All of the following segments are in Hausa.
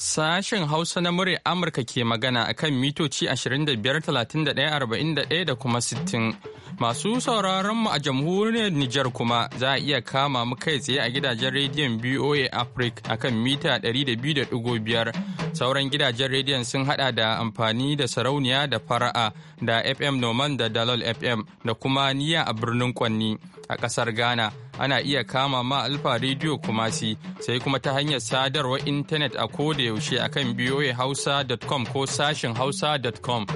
Sashen Hausa na murya Amurka ke magana a kan mitoci 25,31,41 da kuma 60. Masu sauraronmu a jamhuriyar Nijar kuma za a iya kama mu kai tsaye a gidajen rediyon BOA Africa a kan mita 200.5. Sauran gidajen rediyon sun hada da amfani da sarauniya da fara'a da FM Noman da Dalol FM da kuma niya a birnin Kwanni a ƙasar Ghana. ana iya kama ma alfa rediyo kumasi sai kuma ta hanyar sadarwar intanet a koda yaushe akan voahausa.com ko sashin hausa.com.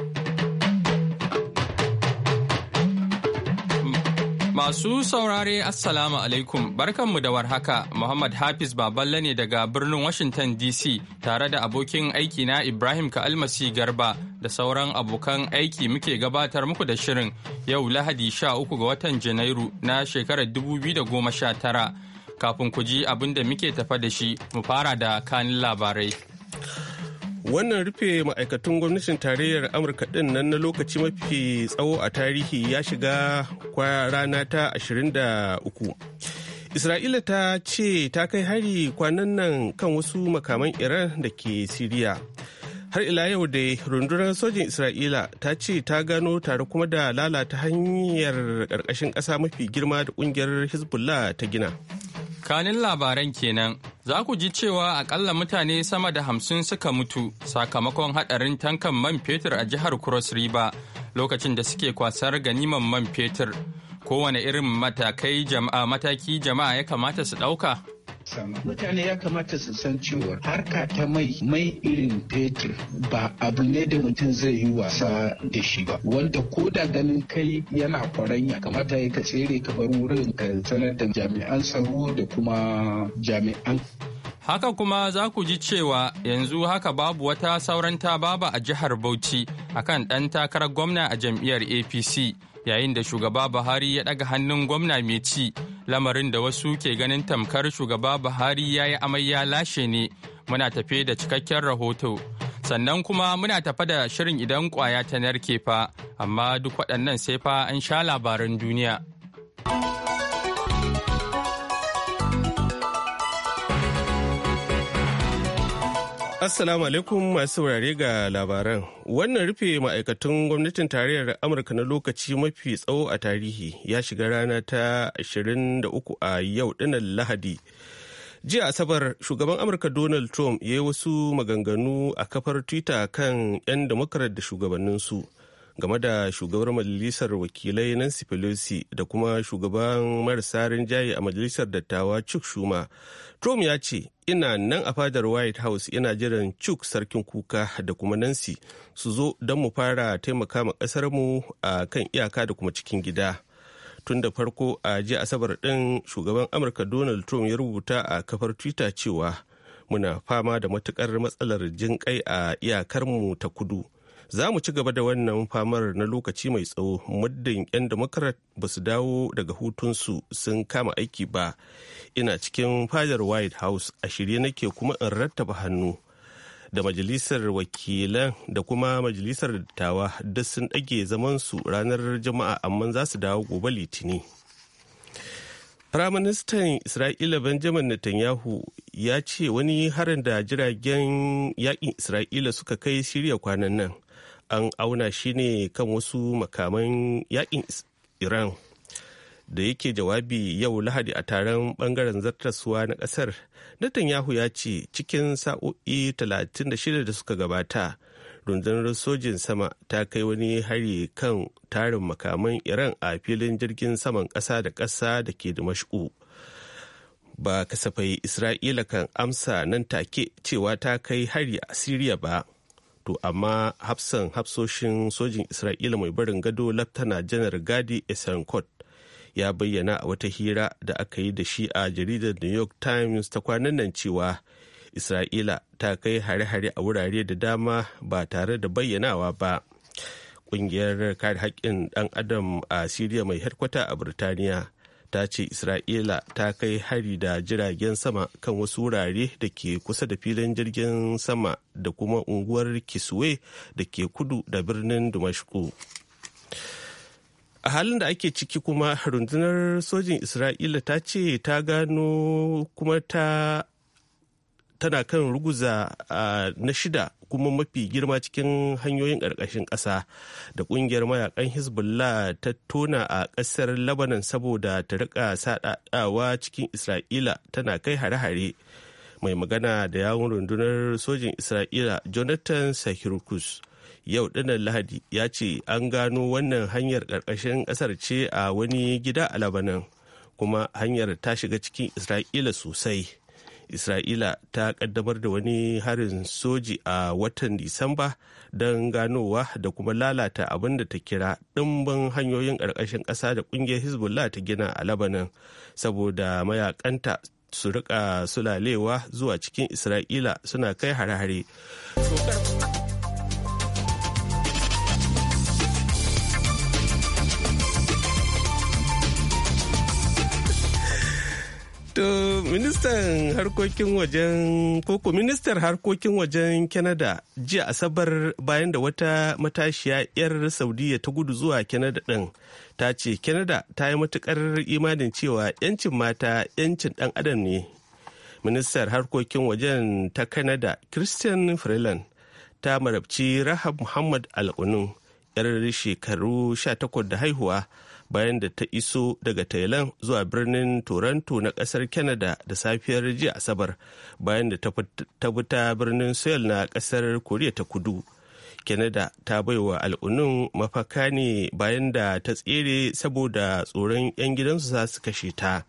Masu saurare Assalamu alaikum barkanmu da warhaka Muhammad Hafiz Baballe ne daga birnin Washington DC tare da abokin aiki na Ibrahim Ka'almasi Garba da sauran abokan aiki muke gabatar muku da shirin yau Lahadi 13 ga watan Janairu na shekarar 2019 kafin ku ji abin da muke tafa da shi mu fara da kanin labarai. wannan rufe ma'aikatan gwamnatin tarayyar amurka din nan na lokaci mafi tsawo a tarihi ya shiga rana ta 23 isra'ila ta ce ta kai hari kwanan nan kan wasu makaman iran da ke siriya har ila yau dai rundunar sojin isra'ila ta ce ta gano tare kuma da lalata hanyar ƙarƙashin ƙasa mafi girma da ƙungiyar hezbollah ta gina kanin labaran kenan za ku ji cewa akalla mutane sama da hamsin suka mutu sakamakon hadarin tankan man fetur a jihar cross river lokacin da suke kwasar ganiman man fetur kowane irin matakai jama'a mataki jama'a ya kamata su ɗauka Mutane ya kamata su san cewa harka ta mai mai irin fetur ba abu ne da mutum zai yi wasa da shi ba. Wanda ko da ganin kai yana kwaranya kamata ya ka tsere ka bar wurin ka sanar da jami'an tsaro da kuma jami'an Haka kuma za ku ji cewa yanzu haka babu wata sauran tababa a jihar Bauchi akan ɗan takarar gwamna a jam'iyyar APC yayin da shugaba Buhari ya ɗaga hannun gwamna mai ci lamarin da wasu ke ganin tamkar shugaba buhari ya yi amai ya lashe ne muna tafe da cikakken rahoto sannan kuma muna tafe da shirin idan kwaya ta narke fa amma duk waɗannan sai fa an sha labaran duniya. Assalamu alaikum masu wurare ga labaran. Wannan rufe ma'aikatan gwamnatin tarayyar Amurka na lokaci mafi tsawo a tarihi ya shiga rana ta 23 a yau dinan Lahadi. Jiya Asabar, shugaban Amurka Donald Trump ya yi wasu maganganu a kafar Twitter kan 'yan da shugabanninsu. su. game da shugabar majalisar wakilai Nancy Pelosi da kuma shugaban marasa rinjaye a majalisar dattawa Chuck Schumer. Trump ya ce, "Ina nan a fadar White House ina jiran Chuck sarkin kuka da kuma Nancy su zo don mu fara taimaka ma ƙasarmu a kan iyaka da kuma cikin gida." Tun da farko a jiya Asabar ɗin shugaban Amurka Donald Trump ya rubuta a kafar Twitter cewa, muna fama da matukar matsalar jinƙai a iyakarmu ta kudu za mu ci gaba da wannan famar na lokaci mai tsawo muddin 'yan demokrat ba su dawo daga hutunsu sun kama aiki ba ina cikin fadar white house a shirye nake kuma in rattaba hannu da majalisar wakilan da kuma majalisar dattawa duk sun ɗage zamansu ranar jama'a amma za su dawo gobe litini Firaministan Isra'ila Benjamin Netanyahu ya ce wani harin da jiragen yakin Isra'ila suka kai shirya kwanan nan an auna shi ne kan wasu makaman yakin iran da yake jawabi yau lahadi a taron bangaren zartaswa na kasar netanyahu ya ce cikin sa'o'i 36 da suka gabata rundunar sojin sama ta kai wani hari kan tarin makaman iran a filin jirgin saman ƙasa da ƙasa da ke da mashu ba kasafai isra'ila kan amsa nan take cewa ta kai hari a siriya ba to amma hafsan hafsoshin sojin isra'ila mai barin gado laftana janar gadi esankot ya bayyana a wata hira da aka yi da shi a jaridar new york times ta kwanan nan cewa isra'ila ta kai hare-hare a wurare da dama ba tare da bayyanawa ba ƙungiyar kare haƙƙin ɗan adam a siriya mai harkwata a birtaniya ta ce isra'ila ta kai hari da jiragen sama kan wasu wurare da ke kusa da filin jirgin sama da kuma unguwar kiswe da ke kudu da birnin dumashku a halin da ake ciki kuma rundunar sojin isra'ila ta ce ta gano kuma ta tana kan ruguza na shida kuma mafi girma cikin hanyoyin ƙarƙashin ƙasa da ƙungiyar mayakan hezbollah ta tona a ƙasar lebanon saboda ta rika saɗaɗawa cikin isra'ila tana kai hare-hare mai magana da yawun rundunar sojin isra'ila jonathan sakirkus yau dinnan lahadi ya ce an gano wannan hanyar ƙarƙashin ƙasar ce a wani gida a labanan kuma hanyar ta shiga cikin isra'ila sosai isra'ila ta kaddamar da wani harin soji a watan disamba don ganowa da kuma lalata abin da ta kira ɗimbin hanyoyin ƙarƙashin ƙasa da ƙungiyar hezbollah ta gina a labanin saboda mayakanta su rika sulalewa zuwa cikin isra'ila suna kai hare-hare To ministan harkokin wajen koko ministar harkokin wajen Canada jiya asabar bayan da wata matashiya 'yar Saudiya ta gudu zuwa Canada ɗin ta ce Canada ta yi matukar imanin cewa 'yancin mata 'yancin ɗan adam ne. Ministar harkokin wajen ta Canada Christian Freeland ta marabci Rahab Muhammad Alkunun 'yar shekaru 18 da haihuwa. bayan da ta iso daga Thailand zuwa birnin Toronto na kasar Canada da safiyar jiya Asabar bayan da ta fita birnin Seoul na kasar Koriya ta Kudu. Canada ta baiwa al'unun mafaka ne bayan da ta tsere saboda tsoron 'yan gidansu za su kashe ta.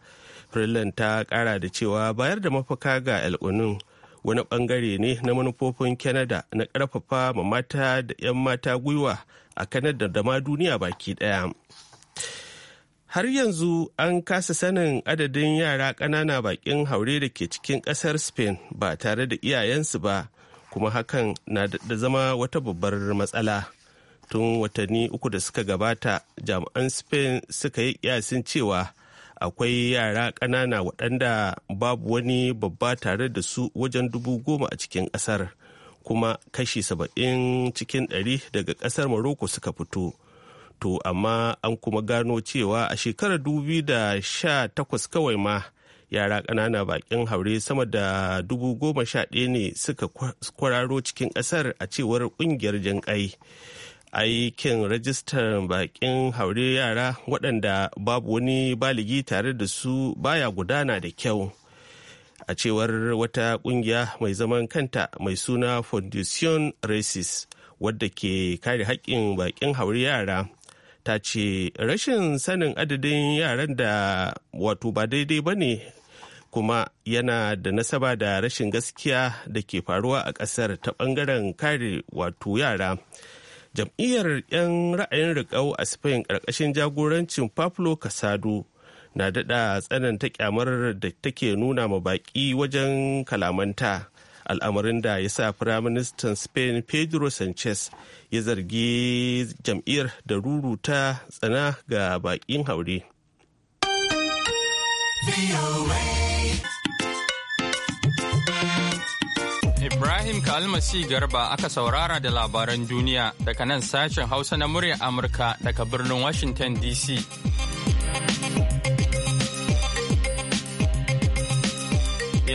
Freeland ta kara da cewa bayar da mafaka ga al'unun wani bangare ne na manufofin canada na karfafa ma mata da 'yan mata gwiwa a canada da ma duniya baki daya har yanzu an kasa sanin adadin yara ƙanana bakin haure da ke cikin ƙasar spain ba tare da iyayensu ba kuma hakan na da zama wata babbar matsala tun watanni uku da suka gabata jami'an spain suka yi kiyasin cewa akwai yara ƙanana waɗanda babu wani babba tare da su wajen dubu goma a cikin ƙasar kuma kashi saba'in cikin ɗari daga ƙasar maroko suka fito to amma an kuma gano cewa a shekarar takwas kawai ma yara ƙanana bakin haure sama da dubu goma sha ɗaya ne suka kwararo cikin ƙasar a cewar ƙungiyar jinƙai aikin rajistar bakin haure yara waɗanda babu wani baligi tare da su baya gudana da kyau a cewar wata ƙungiya mai zaman kanta mai suna fondation races wadda ke kare haƙƙin bakin haure yara ta ce rashin sanin adadin yaran da wato ba daidai ba ne kuma yana da nasaba da rashin gaskiya da ke faruwa a ƙasar ta ɓangaren kare wato yara jam'iyyar 'yan ra'ayin riƙau a spain ƙarƙashin jagorancin pablo casado na daɗa tsananta kyamar da take nuna ma baƙi wajen kalamanta al'amarin da ya sa firaministan spain pedro sanchez ya zargi jam'iyyar da ruruta tsana ga bakin haure Ibrahim Kalmasi Garba aka saurara da labaran duniya daga nan sashen Hausa na murya Amurka daga birnin Washington DC.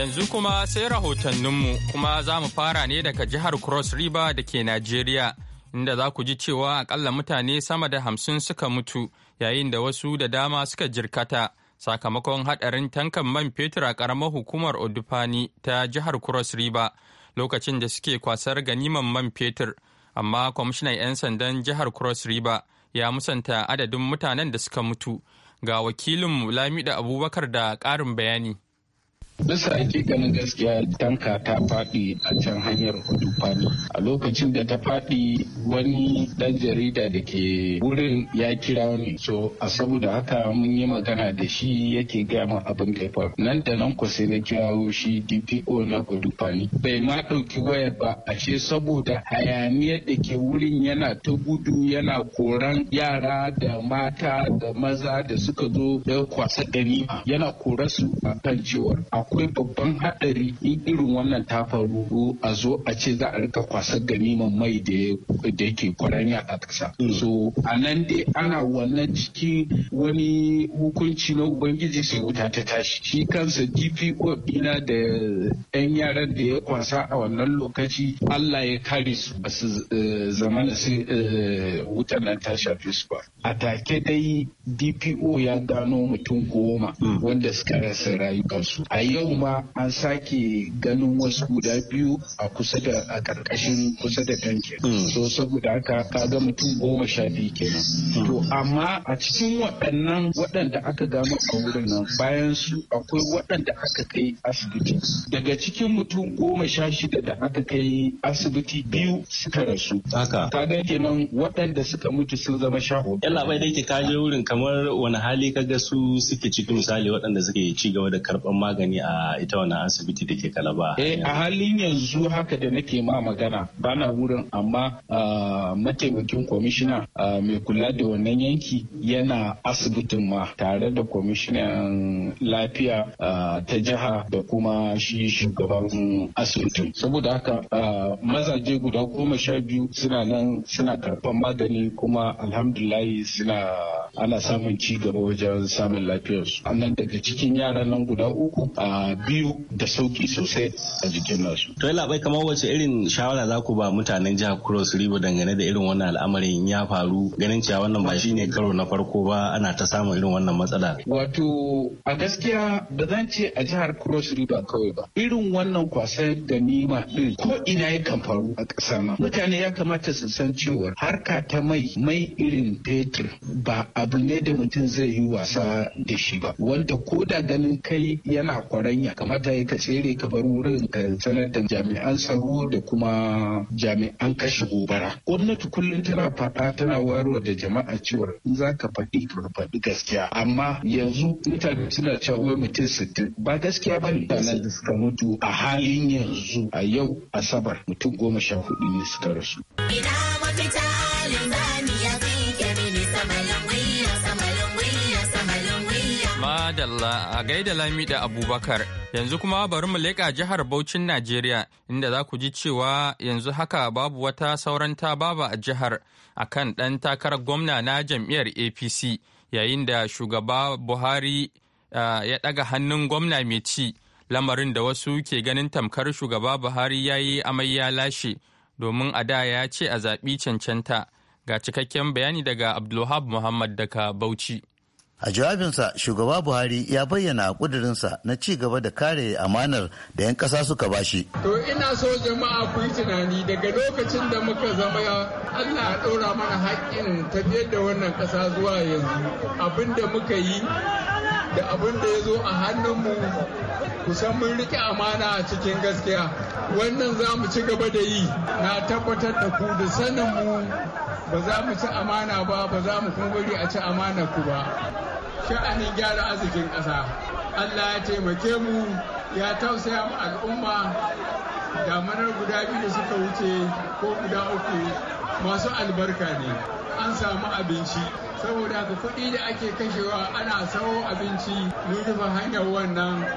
yanzu kuma sai rahotanninmu kuma za mu fara ne daga jihar Cross River da ke Najeriya, inda za ku ji cewa akalla mutane sama da hamsin suka mutu yayin da wasu da dama suka jirkata sakamakon haɗarin tankan man fetur a ƙaramar hukumar Odufani ta jihar Cross River lokacin da suke kwasar ganiman man fetur, amma kwamishinan 'yan sandan jihar Cross River ya musanta adadin mutanen da suka mutu. Ga wakilinmu Lamida Abubakar da ƙarin bayani. Bisa ganin gaskiya tanka ta faɗi a can hanyar Odufani. A lokacin da ta faɗi wani ɗan jarida da ke wurin ya kira ni. So a saboda haka mun yi magana da shi yake gama abin da ya faru. Nan da nan ku sai na kirawo shi DPO na Odufani. Bai ma ɗauki wayar ba a ce saboda hayaniya da ke wurin yana ta gudu yana koran yara da mata da maza da suka zo da kwasa ganima yana korasu a kan cewa akwai babban haɗari in irin wannan ta faru a zo a ce za a rika kwasar ganiman mai da yake kwaranya a ƙasa. Mm. So a nan dai ana wannan ciki wani hukunci na Ubangiji sai wuta ta tashi. Shi kansa DPO ɗina da 'yan yaran da ya kwasa a wannan lokaci Allah ya kare su ba su eh, zama na sai eh, wutar nan ta shafi su ba. A take dai DPO ya gano mutum goma mm. wanda suka rasa rayukansu. A yau yau ma an sake ganin wasu guda biyu a kusa da a karkashin kusa da tankin hmm. so saboda haka ka ga mutum goma sha biyu kenan hmm. to amma a cikin waɗannan waɗanda aka gano a wurin nan bayan su akwai waɗanda aka kai asibiti daga cikin mutum goma sha shida da aka kai asibiti biyu suka rasu Ka ga kenan waɗanda suka mutu sun zama sha hudu yalla bai dai ke kaje wurin kamar wani hali ka ga su suke ciki misali waɗanda suke ci gaba da karɓar magani a a ita wannan asibiti da ke kalaba eh a halin yanzu haka da nake ma magana ba na wurin amma mataimakin kwamishina mai kula da wannan yanki yana asibitin ma tare da kwamishinan lafiya ta jiha da kuma shi shugaban asibitin saboda haka mazaje guda goma sha biyu suna nan suna karban magani kuma alhamdulahi suna ana samun ci gaba wajen samun lafiyarsu annan daga cikin yaran nan guda uku a biyu da sauki sosai a jikin nasu. To labai kamar wace irin shawara za ku ba mutanen jihar Cross River dangane da irin wannan al'amarin ya faru ganin cewa wannan ba shine karo na farko ba ana ta samun irin wannan matsala. Wato a gaskiya ba zan ce a jihar Cross River kawai ba. Irin wannan kwasar da nima din ko ina yakan faru a ƙasar nan. Mutane ya kamata su san cewa harka ta mai mai irin fetur ba abu ne da mutum zai yi wasa da shi ba. Wanda ko da ganin kai yana kwa kwaranya kamata ya ka tsere ka bar wurin ka sanar da jami'an tsaro da kuma jami'an kashe gobara gwamnati kullum tana faɗa tana warwa da jama'a cewa in za ka faɗi ka faɗi gaskiya amma yanzu mutane suna cewa mutum sittin ba gaskiya ba ne mutanen da suka mutu a halin yanzu a yau asabar mutum goma sha hudu ne suka rasu. Madalla a gaida Lamida Abubakar. Yanzu kuma bari mu leƙa jihar Bauchin Najeriya inda za ku ji cewa yanzu haka babu wata sauran ta baba a jihar akan ɗan takarar gwamna na jam'iyyar APC yayin da shugaba Buhari ya ɗaga hannun gwamna mai ci lamarin da wasu ke ganin tamkar shugaba Buhari ya yi amai ya lashe domin a da ya ce a zaɓi cancanta ga cikakken bayani daga Abdulhab Muhammad daga Bauchi. A jawabinsa shugaba Buhari ya bayyana kudurinsa na ci gaba da kare amanar da 'yan ƙasa suka bashi. To ina so jama'a ku yi tunani daga lokacin da muka zama Allah ya ɗora mana haƙƙin tafiyar da wannan ƙasa zuwa yanzu abin da muka yi da abin da ya zo a hannunmu kusan mun rike amana a cikin gaskiya wannan za mu ci gaba da yi na tabbatar da ku da sanin mu ba za mu ci amana ba ba za mu kuma bari a ci amana ku ba sha'anin gyara arzikin ƙasa allah ya taimake mu ya tausaya mu al'umma damanar guda biyu da suka wuce ko guda uku masu albarka ne an samu abinci saboda ka kuɗi da ake kashewa ana sawo abinci mun rufe hanyar wannan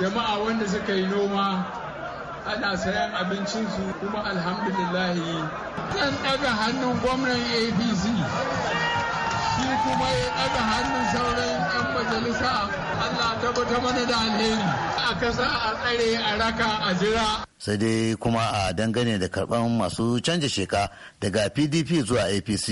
jama'a wanda suka yi noma ana sayan abincinsu kuma alhamdulillahi zan ɗaga hannun gwamnan apc shi kuma ya ɗaga hannun sauran 'yan majalisa allah tabbata mana da alheri a kasa a tsare a raka a jira sai dai kuma a dangane da karɓar masu canja sheka daga pdp zuwa apc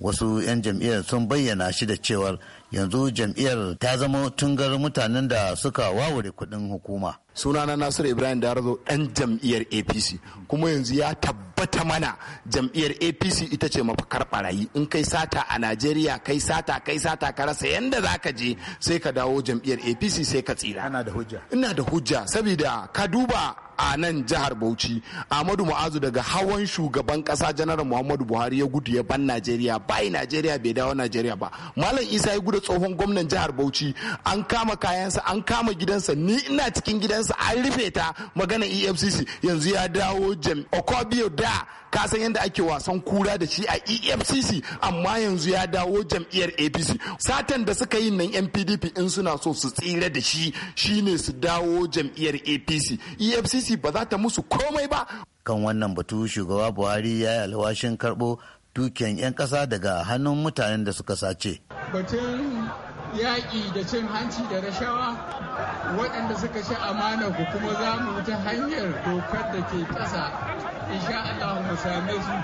wasu 'yan jam'iyyar sun bayyana shi da cewar yanzu jam'iyyar ta zama tungar mutanen da suka wawure kuɗin hukuma sunana nasiru ibrahim da razo dan jam'iyyar apc kuma yanzu ya tabbata mana jam'iyyar apc ita ce mafakar barayi in kai sata a najeriya kai sata kai sata ka rasa yanda za ka je sai ka dawo jam'iyyar apc sai ka tsira ina da hujja saboda ka duba a nan jihar bauchi ahmadu mu'azu daga hawan shugaban kasa janar muhammadu buhari ya gudu ya ban najeriya bai najeriya bai dawo najeriya ba malam isa ya gudu tsohon gwamnan jihar bauchi an kama kayansa an kama gidansa ni ina cikin gidansa an rufe ta magana efcc yanzu ya dawo jam okobio da ka san yadda ake wasan kura da shi a efcc amma yanzu ya dawo jam'iyyar apc satan da suka yi nan yan pdp in suna so su tsira da shi shine su dawo jam'iyyar apc efcc ba za ta musu komai ba kan wannan batu shugaba buhari ya yi alwashin karbo dukiyan 'yan ƙasa daga hannun mutanen da suka sace. Batun yaƙi da cin hanci da rashawa waɗanda suka ci amana ku kuma za mu ta hanyar dokar da ke ƙasa insha Allah mu same su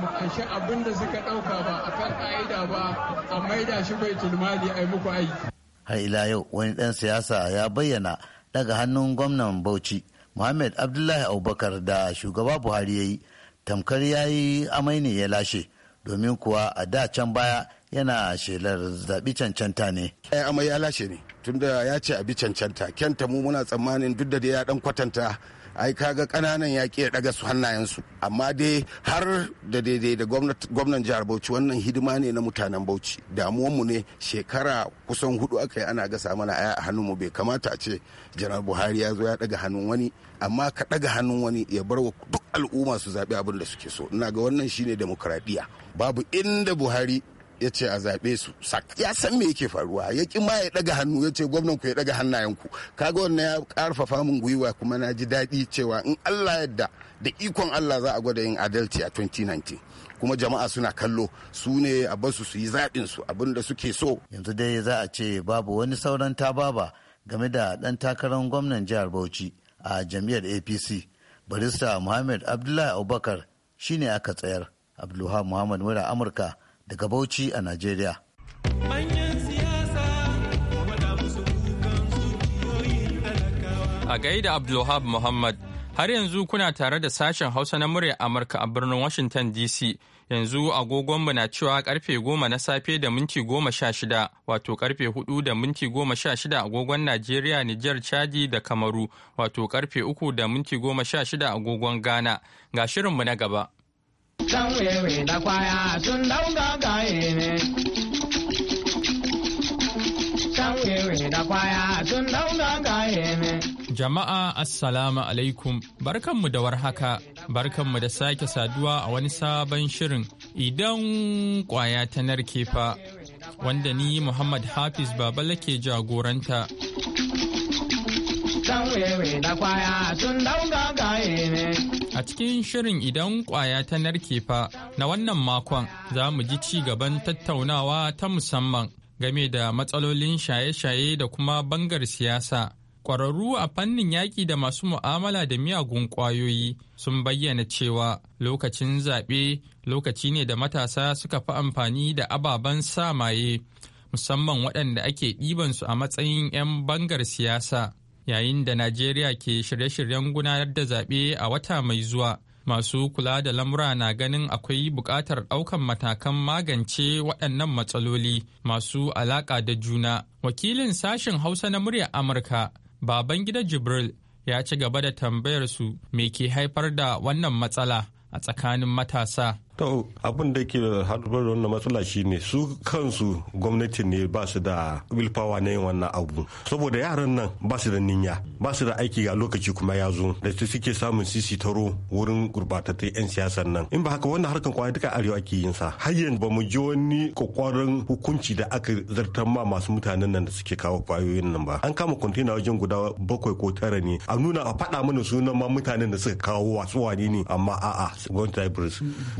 mu anshi abin da suka ɗauka ba a kan ƙa'ida ba a maida shi bai tulmali a muku aiki. Har ila yau wani ɗan siyasa ya bayyana daga hannun gwamnan Bauchi Muhammad Abdullahi Abubakar da shugaba Buhari ya yi tamkar ya yi amai ne ya lashe domin kuwa a da can baya yana shelar zaɓi cancanta ne. Ya amai ya lashe ne tunda ya ce abi cancanta kenta mu muna tsammanin duk da ya dan kwatanta ai kaga kananan ya ke daga su hannayensu amma dai har da daidai da gwamnan jihar bauchi wannan hidima ne na mutanen bauchi damuwanmu ne shekara kusan hudu aka yi ana gasa mana aya a mu bai kamata a ce janar buhari ya zo ya daga hannun wani amma ka daga hannun wani ya bar wa duk al'umma su zaɓi abin da suke so ina ga wannan shine demokradiya babu inda buhari ya ce a zaɓe su sak ya san me yake faruwa ya ki ma ya ɗaga hannu ya ce gwamnan ku ya ɗaga hannayenku kaga wannan ya karfafa min gwiwa kuma na ji daɗi cewa in Allah yadda da ikon Allah za a gwada yin adalci a 2019 kuma jama'a suna kallo su ne a basu su yi zaɓin su abin da suke so yanzu dai za a ce babu wani sauran tababa game da ɗan takarar gwamnan jihar Bauchi a jam'iyyar APC barista Muhammad Abdullahi Abubakar shine aka tsayar Abdulhamu Muhammad mura Amurka daga Bauchi a Najeriya. A gaida Abdulwahab Muhammad, har yanzu kuna tare da sashen Hausa na murya Amurka a birnin Washington DC. Yanzu agogonmu na cewa karfe goma na safe da minti goma sha shida, wato karfe hudu da minti goma sha shida agogon Najeriya, Nijar, Chadi da Kamaru, wato karfe uku da minti goma sha shida agogon Ghana. Ga shirinmu na gaba. dan wewe da kwaya sun sun jama'a assalamu alaikum barkanmu da warhaka barkanmu da sake saduwa a wani sabon shirin idan kwaya ta narke fa wanda ni muhammad hafiz babala ke jagoranta dan wewe da kwaya sun dauga gaye ne A cikin shirin idan kwaya ta narke fa na wannan makon za mu ji ci gaban tattaunawa ta musamman game da matsalolin shaye-shaye da kuma bangar siyasa. Ƙwararru a fannin yaƙi da masu mu'amala da miyagun ƙwayoyi sun bayyana cewa lokacin zaɓe lokaci ne da matasa suka fi amfani da ababen samaye musamman waɗanda ake ɗibansu a matsayin 'yan bangar siyasa. yayin da najeriya ke shirye-shiryen gudanar da zaɓe a wata mai zuwa masu kula da lamura na ganin akwai buƙatar ɗaukan matakan magance waɗannan matsaloli masu alaƙa da juna wakilin sashen hausa na muryar amurka baban gida jibril ya ci gaba da tambayar su me ke haifar da wannan matsala a tsakanin matasa To abin da ke haɗuwar wannan matsala shine su kansu gwamnati ne ba su da willpower na yin wannan abu. Saboda yaran nan ba su da ninya, ba su da aiki ga lokaci kuma ya zo da su suke samun sisi taro wurin gurbatattun 'yan siyasar nan. In ba haka wannan harkan kwaya duka arewa ake yin sa. Har yanzu ba mu ji wani kwakwaran hukunci da aka zartar ma masu mutanen nan da suke kawo kwayoyin nan ba. An kama kwantena wajen guda bakwai ko tara ne. A nuna a faɗa mana sunan ma mutanen da suka kawo wasu wani ne amma a'a gwamnati ta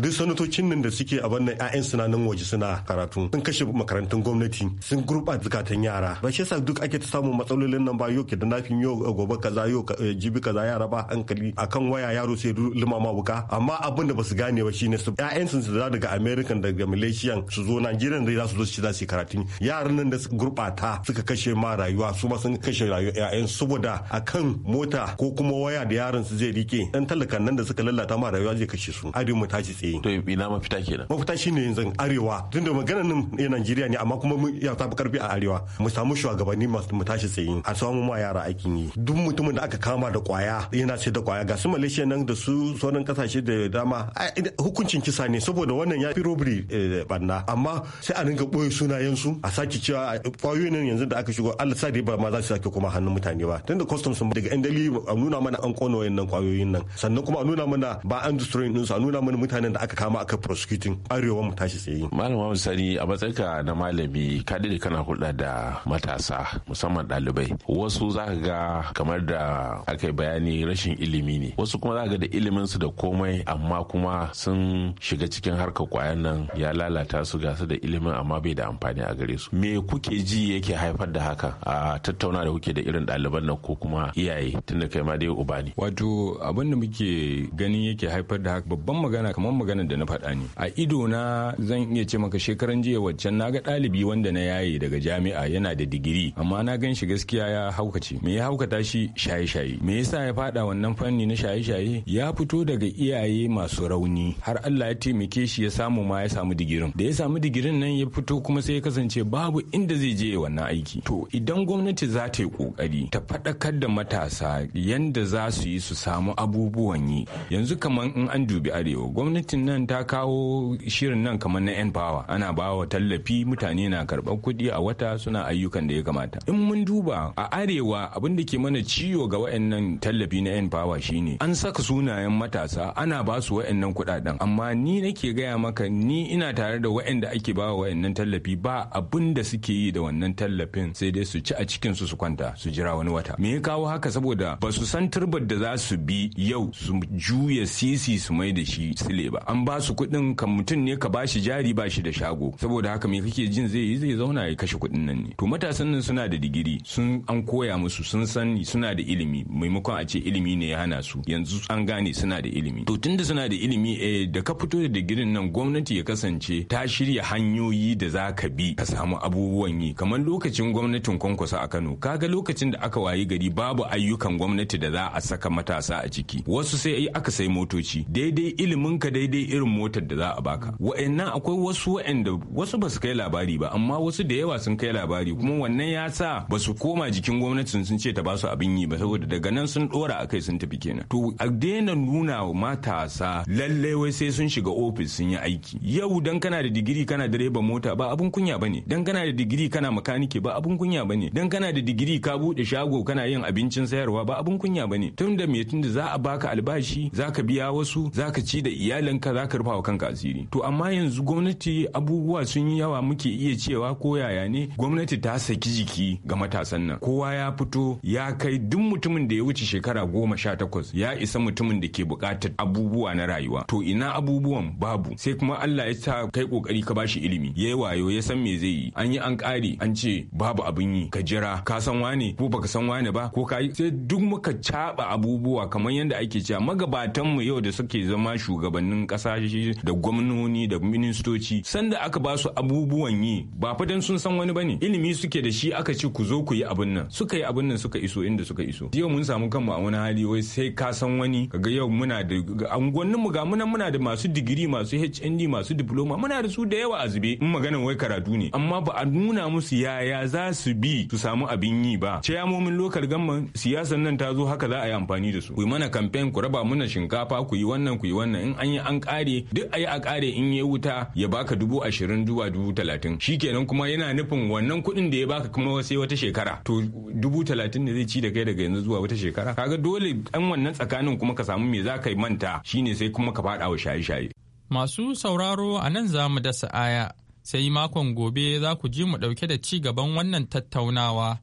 yi sanatocin nan da suke a wannan 'ya'yan suna nan waje suna karatu sun kashe makarantun gwamnati sun gurɓa zukatan yara ba shi yasa duk ake ta samun matsalolin nan ba yau ke da nafin yau eh, gobe kaza yau eh, jibi kaza yara ba hankali akan waya yaro sai limama wuka amma abin da basu gane ba shi ne su 'ya'yan su da daga American daga Malaysian su zo nigerian da za su zo su ci za su yi karatu yaran nan da suka gurɓata suka kashe ma rayuwa su ma sun kashe rayuwa 'ya'yan saboda akan mota ko kuma waya da yaran su zai rike dan talakan nan da suka lalata ma rayuwa zai kashe su arewa mu tashi tsaye to ina mafita kenan mafita shine yanzu arewa tunda maganar nan ya Najeriya ne amma kuma ya tafi karfi a arewa mu samu shugabanni masu mu tashi tsaye a samu ma yara aikin yi duk mutumin da aka kama da kwaya yana sai da kwaya ga su Malaysia nan da su sauran kasashe da dama hukuncin kisa ne saboda wannan ya fi robbery eh, banna amma sai a ringa boye sunayen su a saki cewa kwayoyin nan yanzu da aka shigo Allah sa dai ba ma za su sake kuma hannun mutane ba tunda customs daga yan dali a nuna mana an kono wayannan kwayoyin nan sannan kuma a nuna mana ba an destroy din su a nuna mana mutanen da aka kama aka prosecuting arewa mu tashi tsaye malama Sani, a matsayinka na malami ka dade kana hulɗa da matasa musamman ɗalibai wasu za ka ga kamar da aka bayani rashin ilimi ne wasu kuma za ka ga da ilimin su da komai amma kuma sun shiga cikin harkar kwayan nan ya lalata su ga su da ilimin amma bai da amfani a gare su me kuke ji yake haifar da haka a tattauna da kuke da irin ɗaliban nan ko kuma iyaye tunda kai ma dai uba ne wato abin da muke ganin yake haifar da haka babban magana kamar magana da na faɗa ne a ido na zan iya ce maka shekaran jiya waccan ga ɗalibi wanda na yaye daga jami'a yana da digiri amma na gan shi gaskiya ya haukace me ya haukata shi shaye-shaye me yasa ya faɗa wannan fanni na shaye-shaye ya fito daga iyaye masu rauni har Allah ya taimake shi ya samu ma ya samu digirin da ya samu digirin nan ya fito kuma sai ya kasance babu inda zai je wannan aiki to idan gwamnati za ta yi kokari ta faɗakar da matasa yanda za su yi su samu abubuwan yi yanzu kamar in an dubi arewa gwamnatin nan nan ta kawo shirin nan kamar na 'yan power ana bawa tallafi mutane na karɓar kuɗi a wata suna ayyukan da ya kamata in mun duba a arewa abin da ke mana ciwo ga wa'annan tallafi na 'yan power shine an saka sunayen matasa ana ba su wa'annan kuɗaɗen amma ni nake gaya maka ni ina tare da wa'anda ake bawa wa'annan tallafi ba abin da suke yi da wannan tallafin sai dai su ci a cikin su su kwanta su jira wani wata me ya kawo haka saboda ba su san turbar da za su bi yau su juya sisi su mai da shi sile ba an ba ba su kuɗin ka mutum ne ka bashi jari ba shi da shago saboda haka me kake jin zai yi zai zauna ya kashe kuɗin nan ne to matasan nan suna da digiri sun an koya musu sun sani suna da ilimi maimakon a ce ilimi ne ya hana su yanzu an gane suna da ilimi to tunda suna da ilimi eh da ka fito da digirin nan gwamnati ya kasance ta shirya hanyoyi da za ka bi ka samu abubuwan yi kamar lokacin gwamnatin kwankwaso a Kano kaga lokacin da aka wayi gari babu ayyukan gwamnati da za a saka matasa a ciki wasu sai aka sai motoci daidai ilimin ka daidai irin motar da za a baka wa'annan akwai wasu wa'anda wasu ba su kai labari ba amma wasu da yawa sun kai labari kuma wannan ya sa ba su koma jikin gwamnatin sun ce ta ba su abin yi ba saboda daga nan sun dora kai sun tafi kenan to a daina nuna wa matasa lallai wai sai sun shiga ofis sun yi aiki yau dan kana da digiri kana direba mota ba abun kunya bane dan kana da digiri kana makanike ba abun kunya bane dan kana da digiri ka bude shago kana yin abincin sayarwa ba abun kunya bane tunda me tunda za a baka albashi zaka biya wasu zaka ci da iyalanka zaka ka rufa wa kanka asiri to amma yanzu gwamnati abubuwa sun yi yawa muke iya cewa ko yaya ne gwamnati ta saki jiki ga matasan nan kowa ya fito ya kai duk mutumin da ya wuce shekara goma sha takwas ya isa mutumin da ke buƙatar abubuwa na rayuwa to ina abubuwan babu sai kuma Allah ya sa kai kokari ka bashi ilimi ya yi wayo ya san me zai yi an yi an ƙare an ce babu abin yi ka jira ka san wane ko baka san wane ba ko ka sai duk muka caɓa abubuwa kamar yadda ake cewa magabatan mu yau da suke zama shugabannin ƙasa kasashe da gwamnoni da ministoci sanda aka ba su abubuwan yi ba fadan sun san wani bane ilimi suke da shi aka ce ku zo ku yi abin nan suka yi abin nan suka iso inda suka iso yau mun samu kanmu a wani hali wai sai ka san wani kaga yau muna da angonnin mu ga munan muna da masu digiri masu HND masu diploma muna da su da yawa a zube in magana wai karatu ne amma ba a nuna musu yaya za su bi su samu abin yi ba ciyamomin lokal gamman siyasan nan ta zo haka za a yi amfani da su ku mana kamfen ku raba muna shinkafa ku yi wannan ku yi wannan in an yi an kare duk ayi a kare in ya wuta ya baka dubu ashirin zuwa dubu talatin shikenan kuma yana nufin wannan kuɗin da ya baka kuma sai wata shekara to dubu talatin ne zai ci da kai daga yanzu zuwa wata shekara kaga dole ɗan wannan tsakanin kuma ka samu me za ka manta shine sai kuma ka faɗa wa shaye-shaye masu sauraro a nan za mu dasa aya sai makon gobe za ku ji mu ɗauke da ci gaban wannan tattaunawa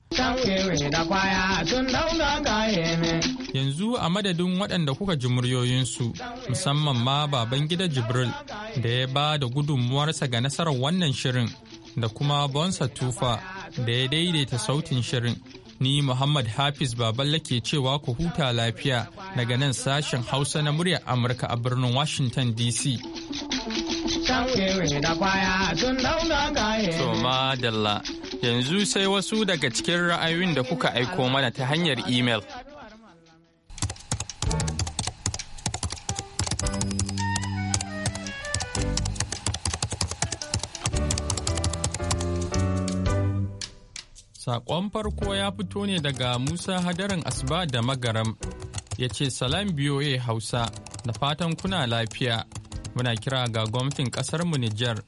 Yanzu a madadin waɗanda kuka ji muryoyinsu musamman ma baban gida Jibril da ya ba da gudunmuwarsa ga nasarar wannan shirin da kuma Bonsa Tufa da ya daidaita sautin shirin. Ni Muhammad Hafiz Baballe ke cewa ku huta lafiya daga nan sashen Hausa na muryar Amurka a birnin Washington DC. Toma Dalla Yanzu sai wasu daga cikin ra'ayoyin da kuka aiko mana ta hanyar imel. saƙon farko ya fito ne daga Musa Hadarin Asba da Magaram. Ya ce salam BOA Hausa, da fatan kuna lafiya. Muna kira ga gwamnatin ƙasarmu Nijar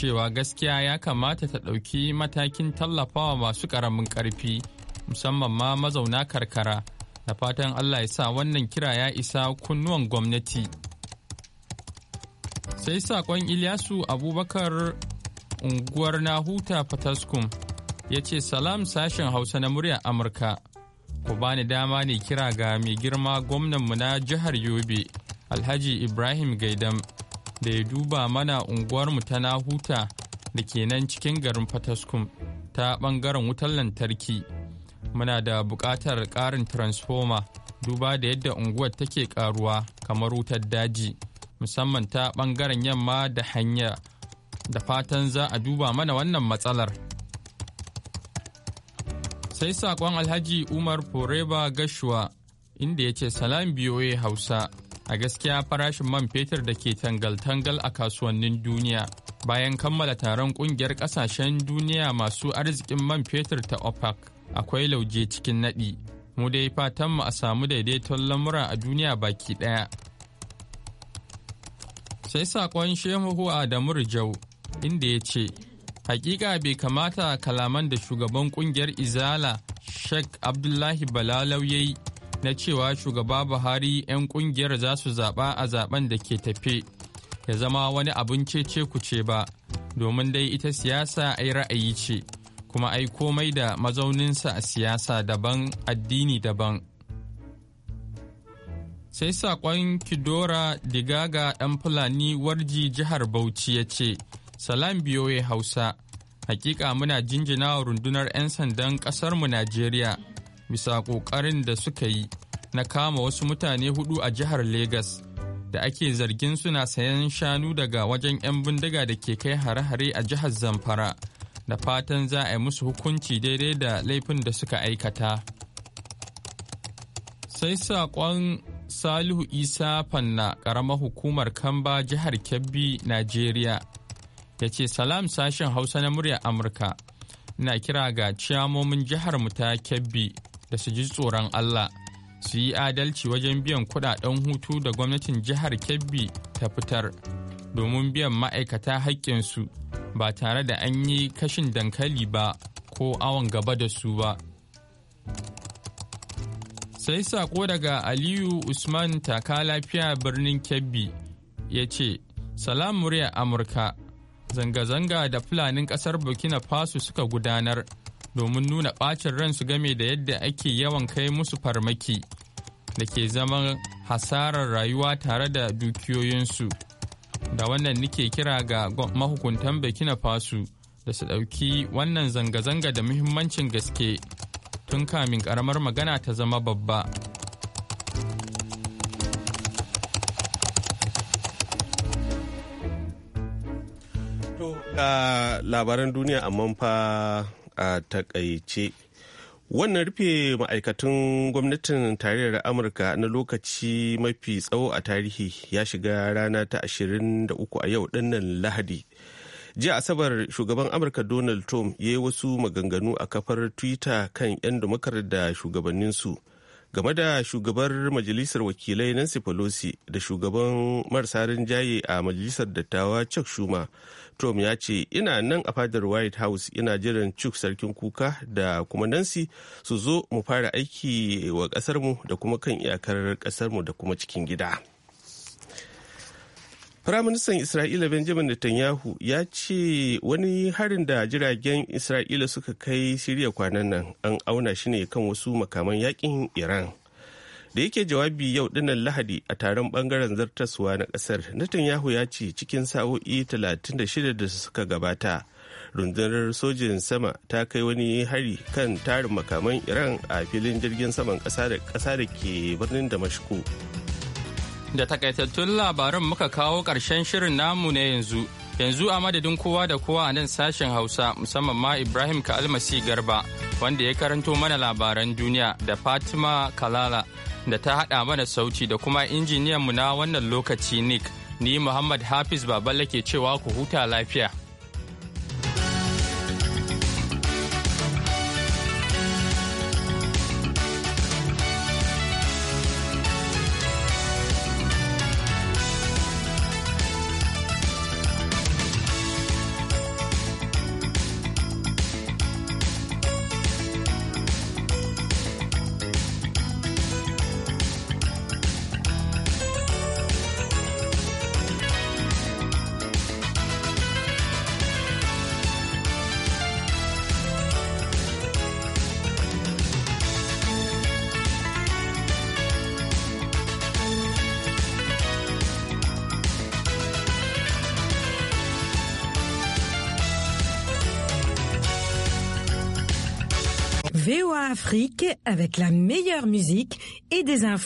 cewa gaskiya ya kamata ta ɗauki matakin tallafawa masu ƙaramin ƙarfi musamman ma mazauna karkara da fatan allah ya sa wannan kira ya isa kunnuwan gwamnati sai saƙon ilyasu abubakar unguwar huta fataskum ya ce salam sashen hausa na muryar amurka ku bani dama ne kira ga mai girma gwamnanmu na jihar yobe alhaji ibrahim gaidam da ya duba mana unguwarmu ta Nahuta da ke nan cikin garin Fataskum ta ɓangaren wutar lantarki. Muna da buƙatar ƙarin transformer duba da yadda unguwar take ƙaruwa kamar wutar daji, musamman ta ɓangaren yamma da hanya. Da fatan za a duba mana wannan matsalar. Sai saƙon Alhaji Umar Foreba gashua inda ya ce salam ya Hausa. a gaskiya farashin man fetur da ke tangal-tangal a kasuwannin duniya bayan kammala taron kungiyar kasashen duniya masu arzikin man fetur ta opec akwai lauje cikin naɗi mu dai fatan mu a samu daidaiton lamura a duniya baki ɗaya sai saƙon shehu adamu rijau inda ya ce hakika bai kamata kalaman da shugaban kungiyar izala sheikh abdullahi balalau ya na cewa shugaba buhari 'yan kungiyar za su zaɓa a zaben da ke tafe ya zama wani abin cece ce ba domin dai ita siyasa ai ra'ayi ce kuma ai komai da mazauninsa a siyasa daban addini daban sai saƙon kidora digaga ɗan fulani warji jihar bauchi ya ce salam biyoye hausa hakika muna jinjina rundunar 'yan sandan ƙasarmu najeriya bisa ƙoƙarin da suka yi na kama wasu mutane hudu a jihar Legas da ake zargin suna sayan shanu daga wajen 'yan bindiga da ke kai hare-hare a jihar Zamfara da fatan za a yi musu hukunci daidai da laifin da suka aikata. Sai saƙon Salihu Isa Fanna ƙaramar hukumar Kamba jihar Kebbi, Najeriya ya ce salam sashen Hausa na murya Amurka. na kira ga ciyamomin jihar mu ta Kebbi da su ji tsoron Allah su yi adalci wajen biyan kudaden hutu da gwamnatin jihar Kebbi ta fitar domin biyan ma'aikata haƙƙinsu ba tare da an yi kashin dankali ba ko awon gaba da su ba. Sai saƙo daga Aliyu Usman taka lafiya birnin Kebbi ya ce, Salam Amurka, zanga-zanga da Fulanin ƙasar Burkina Faso suka gudanar domin nuna ɓacin ransu game da yadda ake yawan kai musu farmaki da ke zama hasarar rayuwa tare da dukiyoyinsu da wannan nike kira ga mahukuntan burkina faso da su ɗauki wannan zanga-zanga da muhimmancin gaske tun kamin ƙaramar magana ta zama babba ga labaran duniya amma fa a takaice wannan rufe ma'aikatan gwamnatin tarayyar amurka na lokaci mafi tsawo a tarihi ya shiga rana ta 23 a yau dinnan lahadi jiya asabar shugaban amurka donald trump ya yi wasu maganganu a kafar twitter kan 'yan da shugabanninsu. game da shugabar majalisar wakilai nancy pelosi da shugaban marasa rinjaye a majalisar dattawa chuck schumer trump ya ce ina nan a fadar white house ina jiran chuck sarkin kuka da kuma nancy su zo mu fara aiki wa kasarmu da kuma kan iyakar kasarmu da kuma cikin gida. Firaministan Isra'ila Benjamin Netanyahu ya ce wani harin da jiragen Isra'ila suka kai Siriya kwanan nan an auna shi ne kan wasu makaman yakin Iran. Da yake jawabi yau dinnan Lahadi a taron bangaren zartaswa na kasar, Netanyahu ya ce cikin sa'o'i 36 da suka gabata, rundunar sojin sama ta kai wani hari kan tarin makaman Iran a filin jirgin saman ƙasa da ke birnin Damashku. Da takaitattun labaran muka kawo ƙarshen shirin namu na yanzu. Yanzu a madadin kowa da kowa a nan sashen Hausa musamman ma Ibrahim kalmasi Garba wanda ya karanto mana labaran duniya da Fatima Kalala da ta haɗa mana sauti da kuma injiniyanmu na wannan lokaci Nick. Ni Muhammad Hafiz Baballe ke cewa ku huta lafiya. avec la meilleure musique et des infos